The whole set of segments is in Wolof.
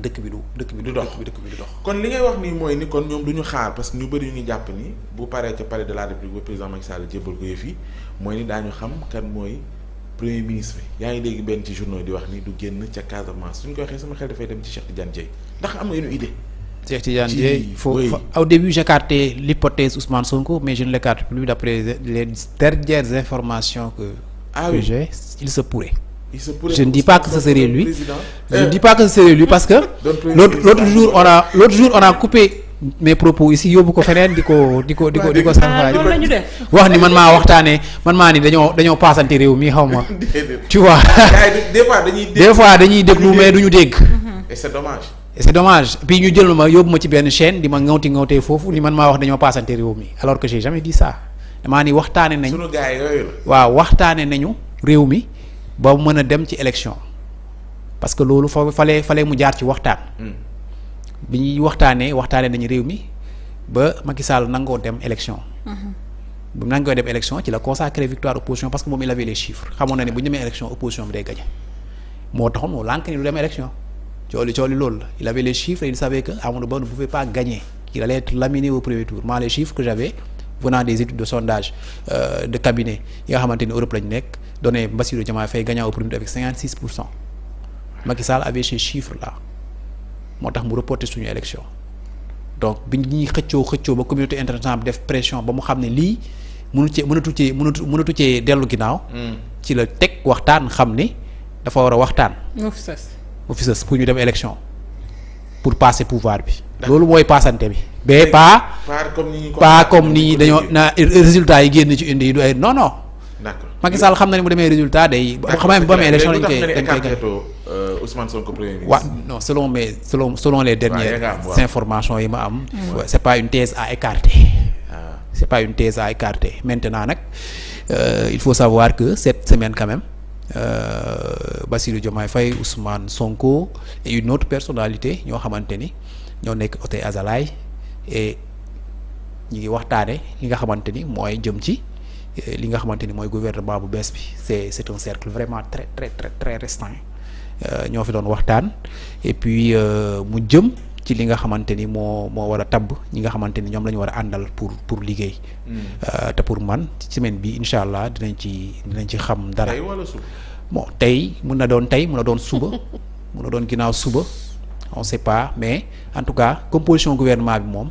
dëkk bi du dëkk bi du dox kon li ngay wax nii mooy ni kon ñoom du ñu xaar parce que ñu bëri ñu ngi jàpp ni bu paree ca palais de la république ba président Macky Sall jébbal ko yëf yi mooy ni daañu xam kan mooy premier ministre bi yaa ngi léegi benn ci journaux di wax nii du génn ca Casamance suñ ko waxee sama xel dafay dem ci Cheikh Tidiane Dièye ndax am nga une idée. Cheikh Tidiane Dièye faut au début j'écartais l'hypothèse Ousmane Sonko mais je ne l'écarte plus d'après les dernières informations que. ah je di dis sa euh, que ce serait lui je ne dis pas parce que l'autre l'autre jour on a l'autre jour on coupé mes propos ici yóbbu ko feneen di ko di ko di ko di ko sanfaraaj wax ni man maa waxtaanee man maa ni dañoo dañoo paasante réew mi xaw ma tu vois des fois dañuy déglu mais du ñu dégg mm-hmm. et c'est dommage et ñu jël ma yóbbu ma ci benn chaîne di ma ngawti ngawtee foofu ni man maa wax dañoo paasante réew mi alors que j'ai jamais dit ça damaa ni waxtaane nañ waaw waxtaane nañu réew ba mën a dem ci élection parce que loolu fa falee fale mu jaar ci waxtaan. Hmm. bi ñuy waxtaanee waxtaanee nañu réew mi ba Macky Sall nangoo dem élection. Mhm. bu nangoo dem élection ci la consacré victoire opposition parce que moom il avait xamoon na ne bu ñu demee élection opposition bi day gagné moo taxoon moo lànk ni du dem élection cooli cooli loolu la il avait les chiffres et il savait que Amadou Ba ne pouvait pas gagner qu'il allait être laminé au premier tour moi les chiffres venant des études de sondage euh, de cabinet yi xamante ni Europe la nekk donné Bassirou Diomaye Faye gagnant au premier avec 56 pour cent Macky moo tax mu reporté suñu élection donc bi ñuy xëccoo xëccoo ba communauté internationale bi def pression ba mu xam ne lii mënu cee mënatu cee mënatu mënatu cee dellu ginnaaw. Hmm. ci la teg waxtaan xam ni dafa war a waxtaan. mu fi mu fi sës pour ñu dem élection pour passer pouvoir bi. loolu mooy passante bi. mais pas pas comme nii dañoo na résultat yi génn ci indi yi du ay non non. xam na ni mu demee résultat day. xam nga bu amee élection lañ koy dañ koy gën euh, Ousmane Sonko premier ministre. waaw non yi ma am. c'est pas une thèse à écarter. Ah. c'est pas une thèse à écarter maintenant nag euh, il faut savoir que cette semaine quand même euh, Bassirou Diomaye Faye Ousmane Sonko une autre personnalité ñoo xamante ni ñoo nekk Hotei Azalaï ñu ngi waxtaane li nga xamante ni mooy jëm ci eh, li nga xamante ni mooy gouvernement bu bees bi c'est c'est un cercle vraiment très très très très restreint euh, ñoo fi doon waxtaan et puis euh, mu jëm ci li nga xamante ni moo moo war a tabb ñi nga xamante ni ñoom la ñu war a àndal pour pour liggéey. Hmm. Euh, te pour man semaine bi incha allah dinañ ci dinañ ci xam dara. tey wala suba. bon tey mun na doon tey mun na doon suba mun na doon ginnaaw suba on sait pas mais en tout cas composition gouvernement bi moom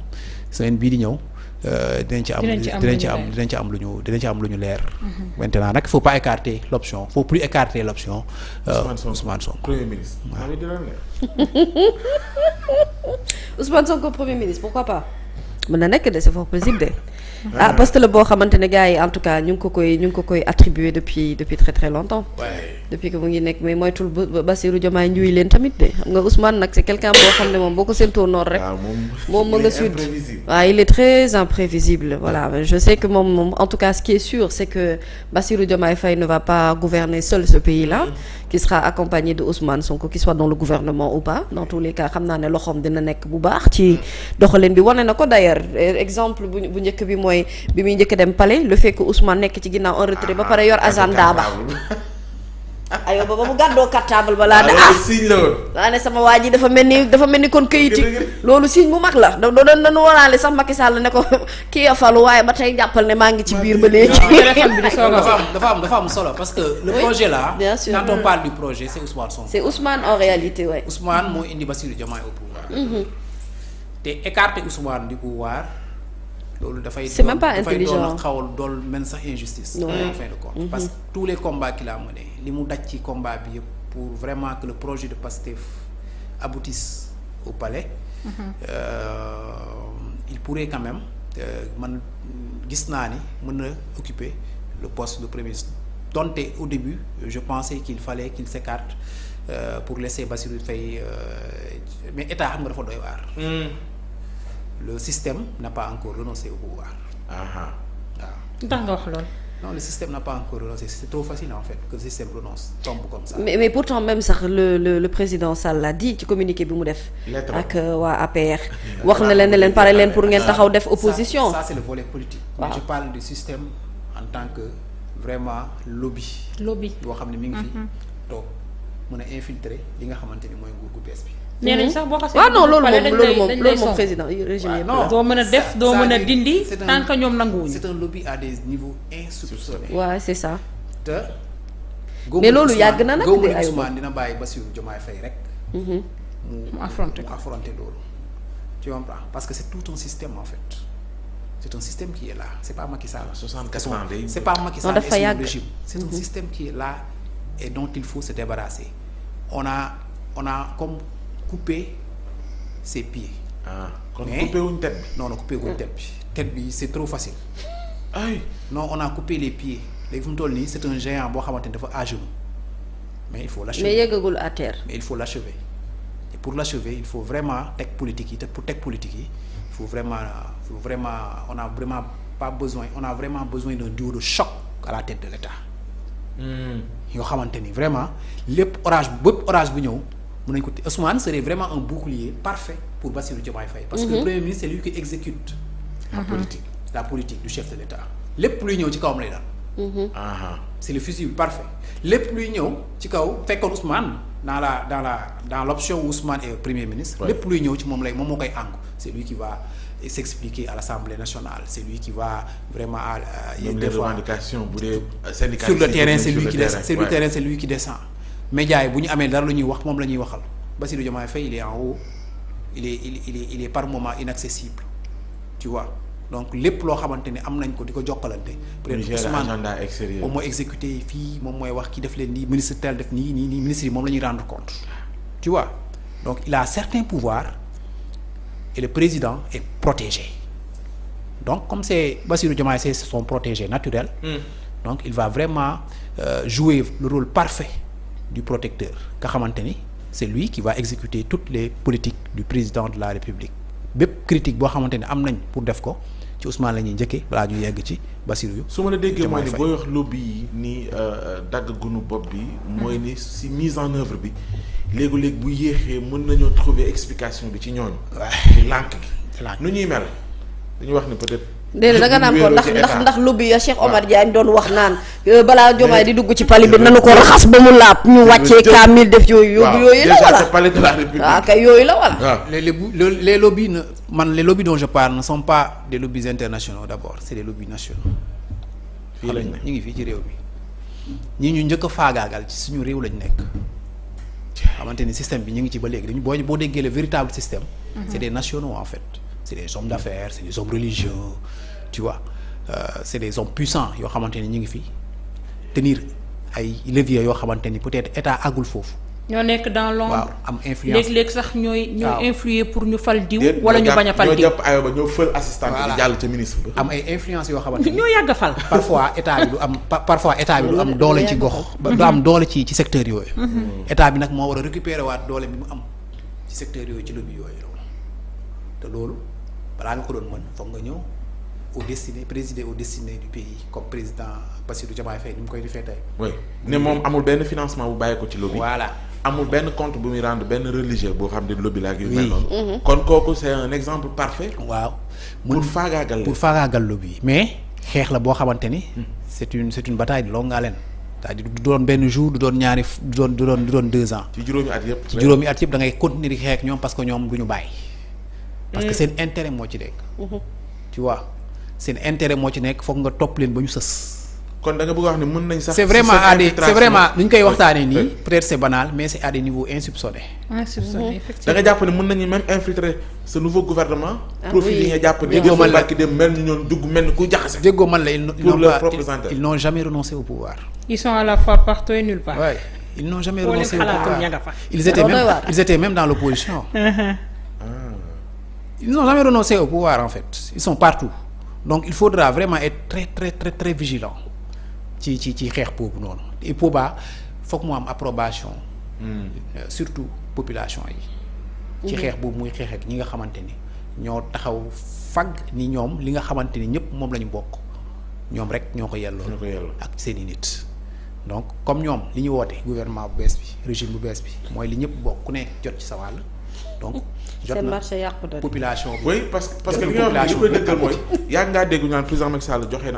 semaine bii di ñëw. Euh, dinañ ci am dinañ ci am dinañ lu ñu dinañ ci am lu ñu leer. Mhm. maintenant nag il faut pas écarter l' option faut plus écarter l' option. Euh, Ousmane Sonko premier ministre. Ousmane Sonko premier ministre pourquoi pas. mën na nekk de c'est fort possible de. ah parce la boo xamante ne gars yi en tout cas ñu ngi ko koy ñu ngi ko koy attribué depuis très très longtemps. depuis que mu ngi nekk mais moytu Bassirou Diomaye ñuy leen tamit de xam nga Ousmane nag c'est quelqu'un boo xam ne moom boo ko séentoo noor rek. moom ma nga sud waaw il est très imprévisible voilà je sais que moom moom en tout cas ce qui est sûr c'est que Bassirou Diomaye Faye ne va pas gouverner seul ce pays là. Mm-hmm. qui sera accompagné de Ousmane Sonko qui soit dans le gouvernement ou pas dans tous les cas xam naa ne loxoom dina nekk bu baax ci doxalin bi wane na ko d'ailleurs euh, exemple bu bu njëkk bi mooy bi muy njëkk dem palais le fait que Ousmane nekk ci ginnaaw en ba pare yor ah, agenda ba aywa ba ba mu gàddoo cartable ba laa ne ah, ah. signe la woon laa ne sama waa ji dafa mel ni dafa mel ni kon kayit loolu signe bu mag la da doon dañu waraale sax Macky Sall ne ko kii waaye ba tey jàppal ne maa ngi ci biir ba léegi dafa am dafa am dafa am solo parce que le projet là bien sûr quand on parle du projet c'est Ousmane Sonko c'est Ousmane en réalité ouais Ousmane moo indi Bassirou Diomaye au pouvoir mhm. te écarter Ousmane du pouvoir loolu dafay c'est même pas intelligent dafay doon xawal dool mel sax injustice en fin mhm. parce que tous les combats qu'il a menés li mu daj ci combat bi yëpp pour vraiment que le projet de PASTEF aboutisse au palais. Mm -hmm. euh, il pourrait quand même euh, man gis naa ni mën na occuper le poste de premier donte au début je pensais qu'il fallait qu'il s'écarte euh, pour laisser Bassirou Faye euh, mais état xam nga dafa doy waar. Hmm. le système n'a pas encore renoncé au pouvoir. waaw. ndax nga wax loolu. non le système n'a pas encore renoncé c'est trop facile en fait que le système renonce tombe comme ça. mais mais pourtant même sax le le président Sall l'a ci communiqué bi mu def. ak euh, waa APR. wax na leen ne leen pare leen pour ngeen taxaw def opposition. ça c'est le volet politique. waaw je parle du système en tant que vraiment lobby. lobby boo xam ne mi ngi fi. Mhm. toog mu a infiltrer li nga xamante ni mooy nguur gu bees bi. nee mhm. nañ sax boo xasee. waaw ah, non loolu moom loolu moom loolu moom président régime non doo mën a def doo mën a dindi. tant ñoom nanguwuñu. c'est un lobby à des niveaux insoupçonnés. waaw c'est ça. te. mais na nag de ay Ousmane dina bàyyi Bassirou Diomaye Faye rek. Mhm. mu affronter ko affronter loolu. tu parce que c'est tout un système en fait. c'est un système qui est là c'est pas Macky Sall. 64 ans day c'est pas Macky Sall et son mhm. système qui est là et dont il faut se débarrasser. on a on a comme. coupé ses pieds. ah kon coupé wuñ tête bi non non bi tête est trop facile. ay non on a coupé les pieds léegi fu mu toll nii c' est un géant boo xamante ni dafa à genoux mais il faut l'achever mais yëggagul à il faut l'achever et pour l'achever il faut vraiment teg politique yi te pour teg politique yi il faut vraiment faut vraiment on a vraiment pas besoin on a vraiment besoin d'un duo de choc à la tête de l'État. Hmm. yoo xamante ni vraiment lépp orage bu bépp orage bu ñëw. mun nañu ko Ousmane serait vraiment un bouclier parfait pour Bassirou Diomaye Faye parce que le mhm. premier ministre c'est lui qui exécute mhm. la politique du chef de l'État lépp luy ñëw ci kawam lay dal mhm. c'est le fusible parfait lépp luy ñëw ci kaw fekkoon Ousmane dans la dans la dans l'option où Ousmane est premier ministre lépp luy ñëw ci moom lay moom moo koy àngu c'est lui qui va s'expliquer à l'Assemblée nationale c'est lui qui va vraiment à euh, des fois sur le terrain c'est lui qui descend médias yi bu ñu amee dara lu ñuy wax moom la ñuy waxal Bassirou Diomaye Faye il est en haut il est il est par moment inaccessible tu vois donc lépp loo xamante ne am nañ ko di ko jokkalante. peut-être Ousmane agenda moom mooy exécuté fii moom mooy wax ki def leen nii ministre tel def nii nii nii ministre yi moom la ñuy rendre compte tu vois donc il a certains pouvoirs et le président est protégé donc comme c'est Bassirou Diomaye c'est son protégé naturel. Hmm. donc il va vraiment euh, jouer le parfait. du protecteur nga xamante ni c'est lui qui va exécuter toutes les politiques du président de la République bépp critique boo xamante ni am nañ pour def ko ci Ousmane la ñuy njëkkee balaa ñu yegg ci Bassirou yu su ma la déggee mooy ni booy wax lobby yi ni euh, dagg gunu bopp bi mooy ni si mise en œuvre bi léegu-léeg bu yéexee mën nañoo trouver explication bi ci ñooñu ci lànk gi nu ñuy mel dañuy wax ni peut-être. déedéet da nga naan ko ndax ndax ndax lobby ya Cheikh Omar Diagne doon wax naan euh, balaa Diomaye di dugg ci pali bi nanu ko raxas ba mu laab ñu wàccee kaamil def yooyu yooyu la wala waaw ah, kay yooyu la wala les lobby les lobbies man les lobbies dont je parle ne sont pas des lobbies internationaux d'abord c'est des lobbies nationaux xam ñu ngi fii ci réew bi ñi ñu njëkk faagaagal ci suñu réew lañ nekk xamante ni système bi ñu ngi ci ba léegi dañu boo boo déggee le véritable système mhm. c'est des nationaux en fait c'est des hommes d'affaires c'est des hommes religieux tu vois euh, c'est des hommes puissants yoo xamante ni ñu ngi fi tenir ay leviers yoo xamante ni peut-être état agul foofu. ñoo nekk dans l'ombre am influence léeg sax ñooy. ñooy influer pour ñu fal diw. wala ñu bañ a fal diw ñoo jàpp fël assistant bi jàll ca ministre ba. am ay influence yoo xamante ni ñoo yàgg a fal. parfois état bi du am parfois état bi du am doole ci gox. du am doole ci ci secteur yooyu. Mm-hmm. état bi nag moo war a récupérer waat doole bi mu am ci secteur yooyu ci lobby yooyu te balaa nga ko doon mën foog nga ñëw au destiné présider au destiné du pays comme président Bassirou Diomaye Faye ni mu koy defee tey. ne moom amul benn financement bu bàyyi ko ci lobby. voilà amul benn compte bu muy rendre benn religieux boo xam ne lobby laa yu mel noonu. Mhm. faagaagal pour faagaagal mais xeex la boo xamante ni. Hmm. c'est une c'est une bataille de longue haleine. cest du doon benn jour du doon ñaari du doon deux ans. ci juróomi at yëpp. ci juróomi at yëpp da ngay parce que eh. seen intérêt moo ci nekk. Mhm. tu vois seen intérêt moo ci nekk foog nga topp leen ba ñu sës. kon da nga bëgg wax ne mën nañ sax. c'est vraiment à des c'est vraiment ni ñu koy waxtaanee nii. peut-être c'est banal mais c'est à des niveaux insoupçonnés. insoupçonnés mhm. effectivement da nga jàpp ne mën nañu même infiltrer ce nouveau gouvernement. ah oui profil yi nga jàpp ne déggoo man la déggoo mel ni ñoom dugg mel ni ku jaxase. déggoo man la ils n'ont jamais renoncé au pouvoir. ils sont à la fois partout et nulle part. oui ils jamais renoncé au pouvoir ils étaient même ils étaient même dans l'opposition uh-huh. ils n'ont jamais renoncé au pouvoir en fait ils sont partout donc il faudra vraiment être très très très très vigilant ci ci ci xeex boobu noonu et Poba foog mu am approbation. Hmm. Euh, surtout population yi. ci xeex boobu muy xeex ñi nga xamante ni ñoo taxaw fag ni ñoom li nga xamante ni ñëpp moom la ñu bokk ñoom rek ñoo ko yelloo. ak seen i nit. donc comme ñoom li ñu woote gouvernement bu bees bi régime bu bees bi mooy li ñëpp bokk ku ne jot ci sa wàll. donc jot na population oui parce que parce que li nga wax li koy dëggal mooy yàgg ngaa dégg naan président Macky Sall joxe mhm.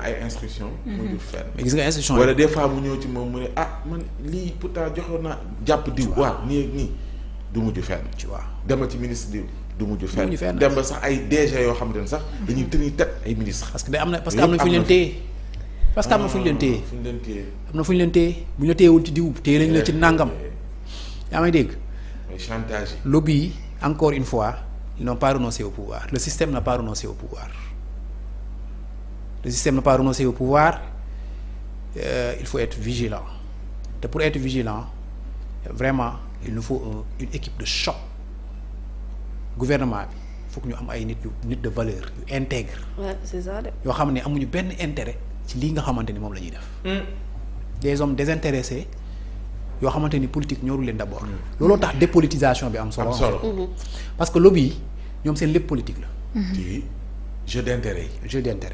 nga des fois mu ñëw ci moom mu ne ah man lii pourtant joxoon naa jàpp diw waaw nii nii du mujj fenn tu vois dema ci ministre diw du mujj fenn dem ba sax ay DG yoo xam ne sax dañuy tenir tête ay parce que day am parce que am na fu ñu leen téye parce que am na leen téye am na fu leen téye bu ñu la téyewul ci diw téye nañ la ci eh, nàngam eh. yaa may dégg lobby yi encore une fois ils n'ont pas renoncé au pouvoir le système n'a pas renoncé au pouvoir le système n'a pas renoncé au pouvoir euh, il faut être vigilant te pour être vigilant vraiment il faut une équipe de choc gouvernement bi foog ñu am ay nit yu nit de valeur yu intègre yoo xam ne amuñu benn intérêt ci lii nga xamante ni moom la ñuy def hmm. des hommes désintéressés yoo xamante ni politique ñoru leen d' abord. Mm. looloo tax dépolitisation bi am solo. am solo mm-hmm. parce que lobby yi ñoom seen lépp politique la. Mm-hmm. ci jeu d'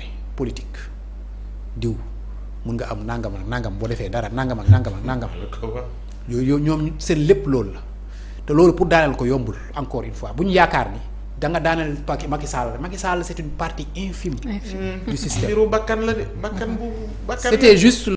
diw mun nga am nangam ak nangam boo defee dara nangam ak nangam ak nangam. yooyu ñoom seen lépp loolu la te loolu pour daaneel ko yombul encore une fois bu ñu yaakaar ni da nga daaneel pàcc Macky Sall Macky Sall c' est une partie infime. du mm. système mbiru bakkan juste.